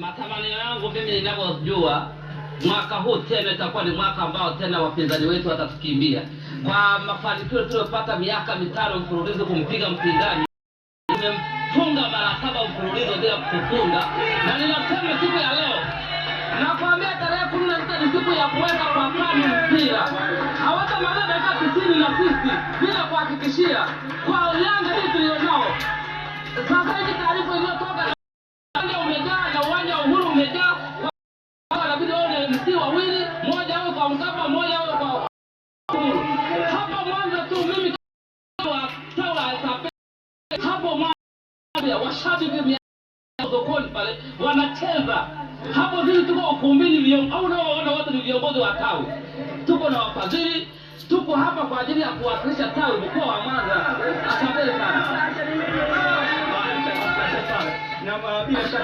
Matamanio yangu mimi ninavyojua, mwaka huu tena itakuwa ni mwaka ambao tena wapinzani wetu watatukimbia kwa mafanikio tuliyopata miaka mitano mfululizo kumpiga mpinzani tumemfunga mara saba mfululizo bila kufunga, na ninasema siku ya leo, nakwambia tarehe kumi na sita ni siku ya kuweka kwa kani mpira hawatamaliza dakika tisini na sisi bila kuhakikishia kwa Mafazi taarifa iliyotoka uwanja umejaa na uwanja wa Uhuru umejaa, wanabidi wao na MC wawili, moja awe kwa Mkapa, moja awe kwa Hapo Mwanza tu mimi hapo Mwanza washabiki mia sokoni pale wanacheza hapo, sisi tuko ukumbini, au unaoona wote ni viongozi wa tawi, tuko na wafadhili, tuko hapa kwa ajili ya kuwakilisha tawi mkoa wa Mwanza. 生浴びれた時